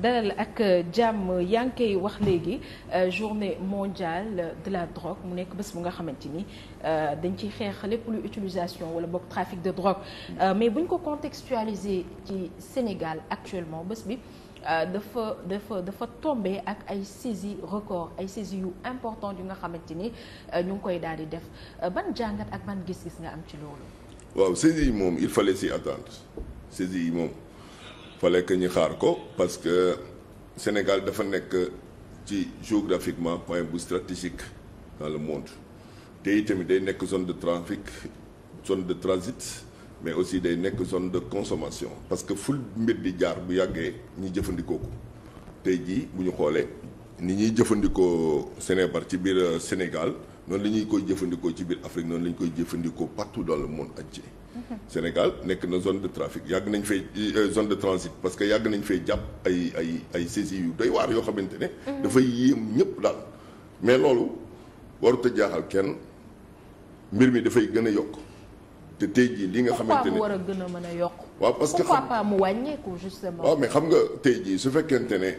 dalal ak jàmm yaa ngi koy wax léegi euh, journée mondiale de la drogue mu nekk bés bu nga xamante ni euh, dañ ciy xeex lépp lu utilisation wala boog trafic de drogue euh, mais bu ñu ko contextualiser ci Sénégal actuellement bés bi dafa dafa dafa tombé ak ay saisi record ay saisi yu important yu nga xamante ni ñu ngi koy daal di def ban jàngat ak ban gis-gis nga am ci loolu. waaw saisi yi moom il fallait s'y attendre saisi yi moom. fallait que ñu xaar ko parce que Sénégal dafa nekk ci géographiquement point bu stratégique dans le monde te itamit day nekk zone de trafic zone de transit mais aussi day nekk zone de consommation parce que ful mbir di jaar bu yàggee ñu jëfandikoo ko tey jii bu ñu xoolee ni ñuy jëfandikoo Sénébar ci biir euh, Sénégal noonu la ñuy koy jëfandikoo ci biir Afrique noonu la koy jëfandikoo partout dans le monde entier. Mhm. Sénégal nekk na zone de trafic yàgg nañ fay euh, zone de transit parce que yàgg nañ fay jàpp ay ay ay saisies yu doy waar yoo xamante ne. Mhm. dafay yéem ñëpp daal. mais loolu warut a jaaxal kenn mbir mi dafay gën a yokk te tey jii li nga. xamante ne mu war waaw parce que pourquoi pas mu wàññeeku waaw mais xam nga tey jii su fekkente ne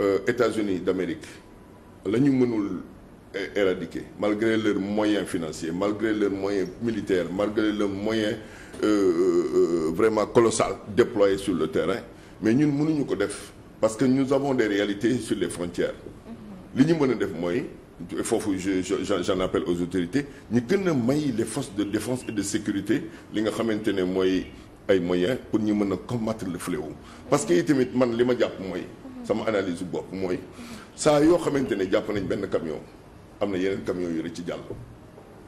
euh, États-Unis d'Amérique la ñu mënul. éradiquer malgré leurs moyen financiers malgré leurs moyens militaire malgré leurs moyens euh, euh, euh, vraiment colossal déployés sur le terrain mais ñun mënuñu ko def parce que nous avons des réalités sur les frontières li ñu mën a def mooy foofu je na appelle aux autorités ñu gën a may les forces de défense et de sécurité li nga xamante ne mooy ay moyens pour ñu mën a combattre le fléau parce que itamit man li ma jàpp mooy sama analyse bopp mooy saa yoo xamante ne jàpp nañ benn camion am na yeneen camions yu rëcc ci jàll.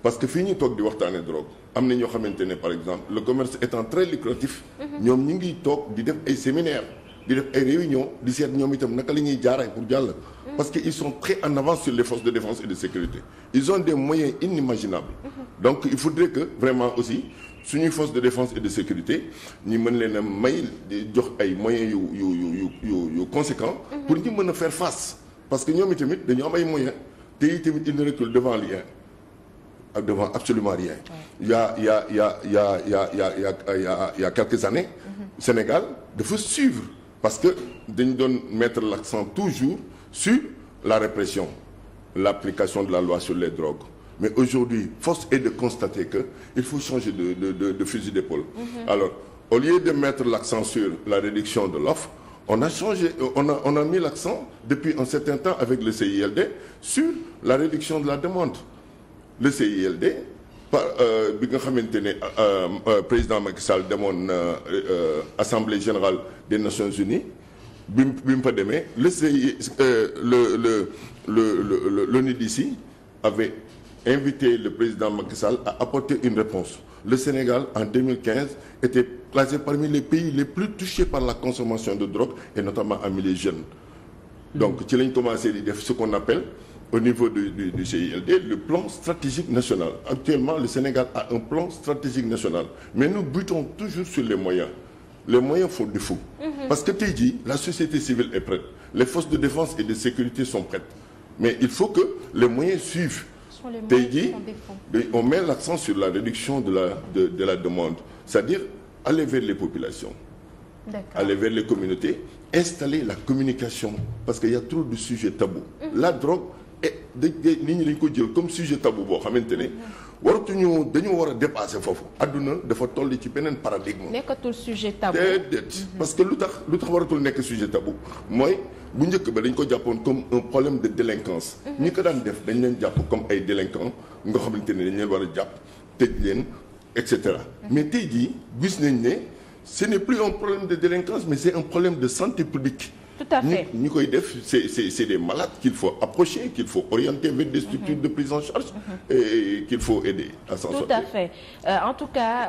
parce que fii ñu toog di waxtaanee drogue am na ñoo xamante ne par exemple le commerce étant très lucratif. Mhm. ñoom ñu ngi toog di def ay séminaire di def ay réunion di seet ñoom itam naka la ñuy jaaree pour jàll. Mhm. parce que ils sont très en avance sur les forces de défense et de sécurité ils ont des moyens inimaginables. Mhm. donc il faudrait que vraiment aussi suñuy forces de défense et de sécurité ñi mën leen a may di jox ay moyens yu yu yu yu yu conséquents. pour ñu mën a faire face parce que ñoom itamit dañu am ay moyens. te itamit il ne recule devant rien ak devant absolument rien. il y a il y a il y y a y a il y a il y a il y a quelques années. Mhm. Sénégal dafa suivre parce que dañu doon mettre l'accent toujours sur la répression l'application de la loi sur les drogues mais aujourd'hui force est de constater que il faut changer de de de, de fusil d'épaule. mm alors au lieu de mettre l'accent sur la réduction de l'offre on a changé, on a, mis l'accent depuis un certain temps avec le CILD sur la réduction de la demande. Le CILD, par euh, bi nga xamante ne euh, euh, président Macky Sall demoon assemblée générale des Nations Unies bi bi mu fa le CI le le le l'ONUDC avait invité le président Macky à apporter une réponse le Sénégal en 2015 était classé parmi les pays les plus touchés par la consommation de drogue et notamment parmi les jeunes donc ci lañ commencé di def ce qu'on appelle au niveau du du du CILD le plan stratégique national actuellement le Sénégal a un plan stratégique national mais nous butons toujours sur les moyens les moyens font défaut mm-hmm. parce que tey jii la société civile est prête les forces de défense et de sécurité sont prêtes mais il faut que les moyens suivent tey jii on met l'accent sur la réduction de la de, la demande c'est-à-dire aller vers les populations aller vers les communautés installer la communication parce qu'il y a trop de sujets tabous mmh. la drogue et da nit ñi dañ ko jël comme sujet tabou boo xamante ne mhm. waratuñu dañu war a dépasser foofu adduna dafa toll ci beneen paradigme nekkatul sujet tabou mhm. parce que lu tax lu tax waratul nekk sujet tabou mooy bu njëkk ba dañ ko jàppoon comme un problème de délinquance mhm. ñi ko daan def dañ leen jàpp comme ay délinquants nga ni ne dañ leen war a jàpp tëj leen et mhm. mais tey jii gis nañ ne ce n'est plus un problème de délinquance mais c'est un problème de santé publique tout à fait ñi koy def c'est c'est c'est des malades qu'il faut approcher qu'il faut orienter vers des mhm. structures de prise en charge et qu'il faut aider à s'en sortir euh, en tout cas